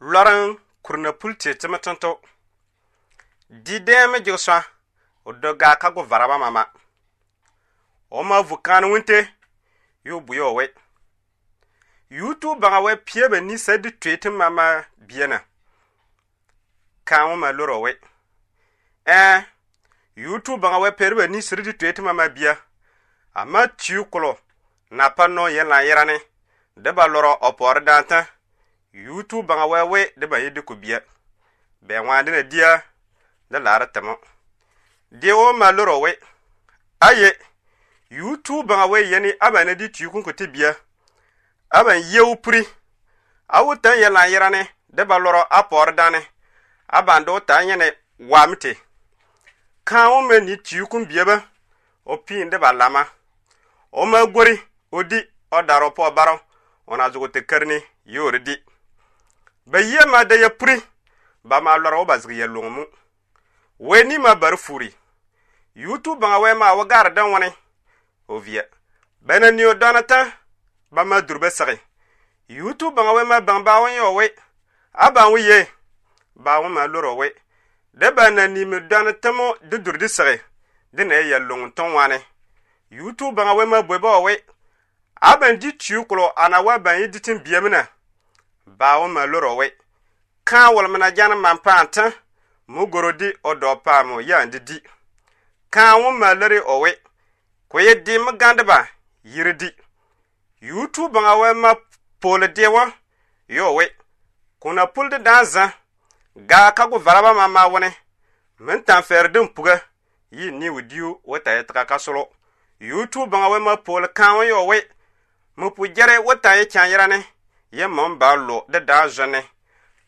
loran kurna pulte tumatonto dideme jigsa odoga kago varaba mama oma vukan winte yo buyo we yutu banga we piebe ni sed tweetin mama biyana kawo ma loro we eh yutu banga we perbe ni sred tweetin mama biya amma ciukulo na panno yela yirane deba loro oporo dantan YouTube baŋa wɛɛwe di ba yi di ku bia bɛɛŋwaa dina dia di laari timo die wo ma loro we aye YouTube baŋa we yeni aba na di tuyukun ku ti bia aba yewu puri awu tan yɛ lan yira ni ba loro a pɔɔri dani a ban di o taa nyɛ ni waamte kaa wo me ni tuyukun bia ba o piin di ba lama o ma gori o di o dari o pɔɔ baro o na zugu ti kari di ba yia ma da ya puri ba ma lɔra wo ba zigi ya lɔŋmu weni ma bari furi yuutu baŋa wɛ ma wo gaari din wuni o viya ba na niyo dɔna ta ba ma duri ba sagi yuutu baŋa wɛ ma baŋ baawun yɛ o we a baŋ wu ye baawun ma lɔra we de ba na nimi dɔna tamo di duri di sagi di na ya lɔŋ tɔn wani yuutu baŋa wɛ ma bwe ba o we a ban di tiyu kulo ana wa ban yi ditin biyam na baawoma lora we kãa wolmna gyãn man pãan tẽ mu di o dɔɔ paamo yaa di di kãa ma lare o we ko ye dɩɩm ba yiri di yuutu bãŋa we ma poole deewã yo we ko na puldi dãn zan gaa ka go varaba ma ma wuni min tãn fɛɛr din puga yi niu diu ta ye tɩga ka solo yuutu bãŋa we ma poole kãa wẽ yo we mi pu gɛrɛ wata ye kãn yɩra yẽ mam baa lo di daa zɔni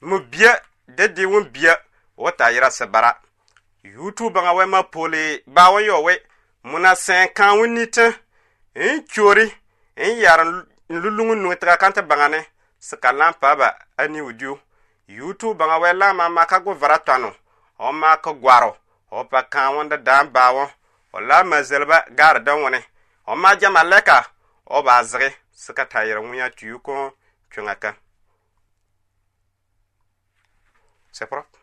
mu bia de de wun bia wa ta yira si bara youtube ŋa wɛ ma poli baa wun yɔ wɛ muna sẽn kãa wun ni tẽ n kyori n yaar n lulungu nuŋ tɩga kãn tɩ bãŋa ne sɩ ka la n paaba a niudio youtube bãŋa wɛ la n maan maa ka go vara tɔnu ɔ maa ka goaro ɔ pa kãa wõnda daan baa wõ ɔ la a ma zelba gaarda wõne ɔ maa gyama lɛka ɔ baa zɩge sɩ ka ta yɩr wẽa tɩ yʋkõ ...chungaca... acá. Se